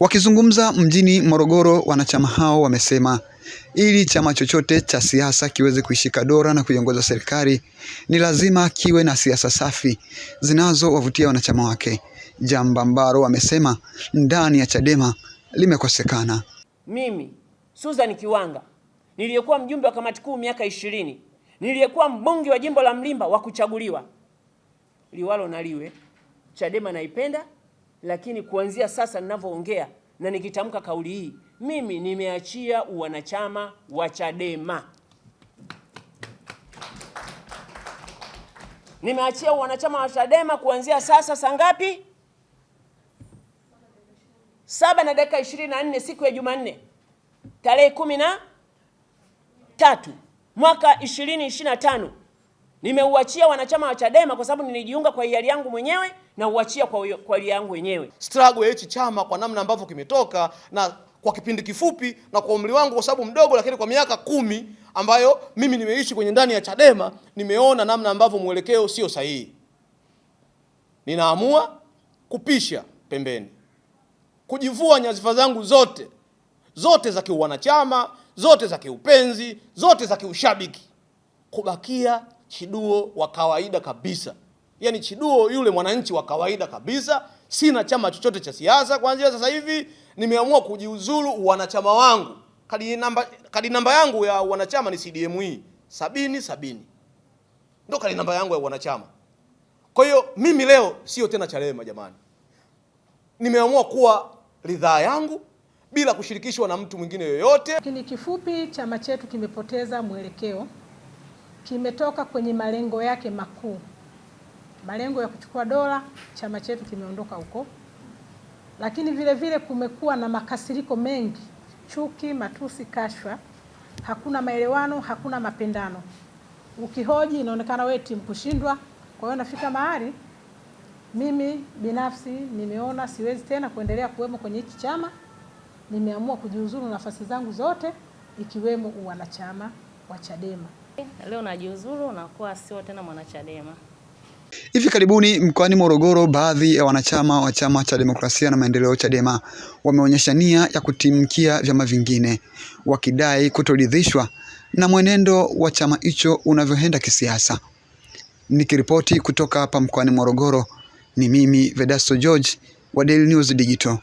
Wakizungumza mjini Morogoro, wanachama hao wamesema ili chama chochote cha siasa kiweze kuishika dora na kuiongoza serikali ni lazima kiwe na siasa safi zinazowavutia wanachama wake, jambo ambalo wamesema ndani ya Chadema limekosekana. Mimi Susan Kiwanga niliyekuwa mjumbe wa kamati kuu miaka ishirini, niliyekuwa mbunge wa jimbo la Mlimba wa kuchaguliwa, liwalo na liwe, Chadema naipenda lakini kuanzia sasa ninavyoongea na nikitamka kauli hii, mimi nimeachia uwanachama wa Chadema, nimeachia uwanachama wa Chadema kuanzia sasa. Saa ngapi? Saba na dakika 24 siku ya Jumanne tarehe kumi na tatu mwaka 2025 Nimeuachia wanachama wa Chadema kwa sababu nilijiunga kwa hiari yangu mwenyewe na uachia kwa kwa hiari yangu wenyewe. Struggle ya hichi chama kwa namna ambavyo kimetoka na kwa kipindi kifupi na kwa umri wangu kwa sababu mdogo, lakini kwa miaka kumi ambayo mimi nimeishi kwenye ndani ya Chadema nimeona namna ambavyo mwelekeo sio sahihi. Ninaamua kupisha pembeni, kujivua nyadhifa zangu zote zote za kiuwanachama, zote za kiupenzi, zote za kiushabiki, kubakia chiduo wa kawaida kabisa, yaani chiduo yule mwananchi wa kawaida kabisa. Sina chama chochote cha siasa kuanzia sasa hivi, nimeamua kujiuzulu wanachama wangu. Kadi namba, kadi namba yangu ya wanachama ni hii e, sabini sabini, ndio kadi namba yangu ya wanachama. Kwa hiyo mimi leo sio tena Chadema jamani, nimeamua kuwa ridhaa yangu bila kushirikishwa na mtu mwingine yoyote. Lakini kifupi, chama chetu kimepoteza mwelekeo kimetoka kwenye malengo yake makuu, malengo ya kuchukua dola. Chama chetu kimeondoka huko, lakini vile vile kumekuwa na makasiriko mengi, chuki, matusi, kashwa hakuna maelewano, hakuna mapendano. Ukihoji inaonekana wewe timu kushindwa. Kwa hiyo nafika mahali mimi binafsi nimeona siwezi tena kuendelea kuwemo kwenye hichi chama, nimeamua kujiuzuru nafasi zangu zote ikiwemo uwanachama wa Chadema. Leo najiuzuru na kuwa sio tena mwanachadema. Hivi karibuni mkoani Morogoro, baadhi ya wanachama wa chama cha demokrasia na maendeleo Chadema wameonyesha nia ya kutimkia vyama vingine, wakidai kutoridhishwa na mwenendo wa chama hicho unavyoenda kisiasa. Nikiripoti kutoka hapa mkoani Morogoro, ni mimi Vedasto George wa Daily News Digital.